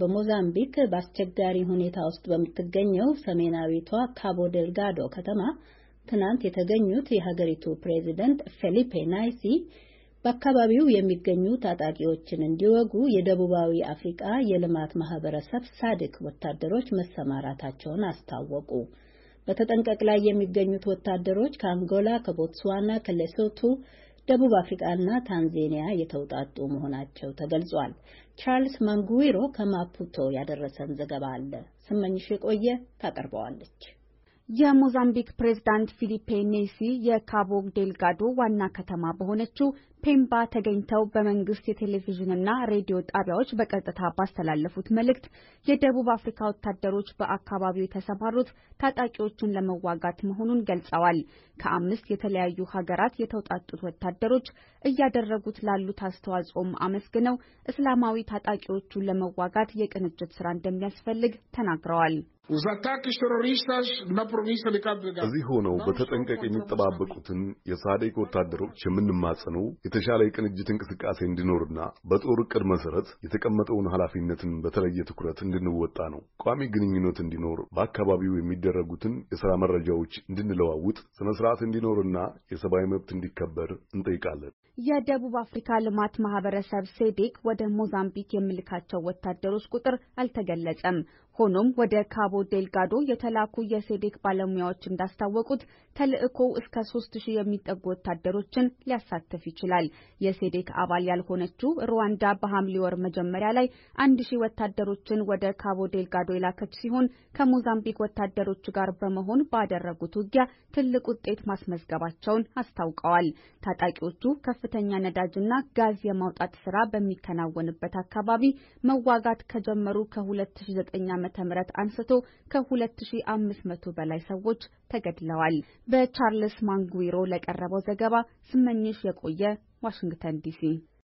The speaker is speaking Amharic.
በሞዛምቢክ በአስቸጋሪ ሁኔታ ውስጥ በምትገኘው ሰሜናዊቷ ካቦ ደልጋዶ ከተማ ትናንት የተገኙት የሀገሪቱ ፕሬዚደንት ፌሊፔ ናይሲ በአካባቢው የሚገኙ ታጣቂዎችን እንዲወጉ የደቡባዊ አፍሪቃ የልማት ማህበረሰብ ሳድክ ወታደሮች መሰማራታቸውን አስታወቁ። በተጠንቀቅ ላይ የሚገኙት ወታደሮች ከአንጎላ፣ ከቦትስዋና፣ ከሌሶቱ ደቡብ አፍሪካና ታንዜኒያ የተውጣጡ መሆናቸው ተገልጿል። ቻርልስ ማንጉዊሮ ከማፑቶ ያደረሰን ዘገባ አለ። ስመኝሽ የቆየ ታቀርበዋለች። የሞዛምቢክ ፕሬዝዳንት ፊሊፔ ኔሲ የካቦ ዴልጋዶ ዋና ከተማ በሆነችው ፔምባ ተገኝተው በመንግስት የቴሌቪዥንና ሬዲዮ ጣቢያዎች በቀጥታ ባስተላለፉት መልእክት የደቡብ አፍሪካ ወታደሮች በአካባቢው የተሰማሩት ታጣቂዎችን ለመዋጋት መሆኑን ገልጸዋል። ከአምስት የተለያዩ ሀገራት የተውጣጡት ወታደሮች እያደረጉት ላሉት አስተዋጽኦም አመስግነው እስላማዊ ታጣቂዎቹን ለመዋጋት የቅንጅት ስራ እንደሚያስፈልግ ተናግረዋል። እዚህ ሆነው በተጠንቀቅ የሚጠባበቁትን የሳዴቅ ወታደሮች የምንማጽነው የተሻለ የቅንጅት እንቅስቃሴ እንዲኖርና በጦር ዕቅድ መሰረት የተቀመጠውን ኃላፊነትን በተለየ ትኩረት እንድንወጣ ነው። ቋሚ ግንኙነት እንዲኖር፣ በአካባቢው የሚደረጉትን የሥራ መረጃዎች እንድንለዋውጥ፣ ስነ ስርዓት እንዲኖርና የሰብአዊ መብት እንዲከበር እንጠይቃለን። የደቡብ አፍሪካ ልማት ማህበረሰብ ሴዴክ ወደ ሞዛምቢክ የሚልካቸው ወታደሮች ቁጥር አልተገለጸም። ሆኖም ወደ ካቦ ዴልጋዶ የተላኩ የሴዴክ ባለሙያዎች እንዳስታወቁት ተልዕኮው እስከ ሶስት ሺህ የሚጠጉ ወታደሮችን ሊያሳተፍ ይችላል። የሴዴክ አባል ያልሆነችው ሩዋንዳ በሐምሌ ወር መጀመሪያ ላይ አንድ ሺህ ወታደሮችን ወደ ካቦ ዴልጋዶ የላከች ሲሆን ከሞዛምቢክ ወታደሮች ጋር በመሆን ባደረጉት ውጊያ ትልቅ ውጤት ማስመዝገባቸውን አስታውቀዋል። ታጣቂዎቹ ከፍተኛ ነዳጅና ጋዝ የማውጣት ስራ በሚከናወንበት አካባቢ መዋጋት ከጀመሩ ከ2009 ዓ ም አንስቶ ከ2500 በላይ ሰዎች ተገድለዋል። በቻርልስ ማንጉዊሮ ለቀረበው ዘገባ ስመኝሽ የቆየ ዋሽንግተን ዲሲ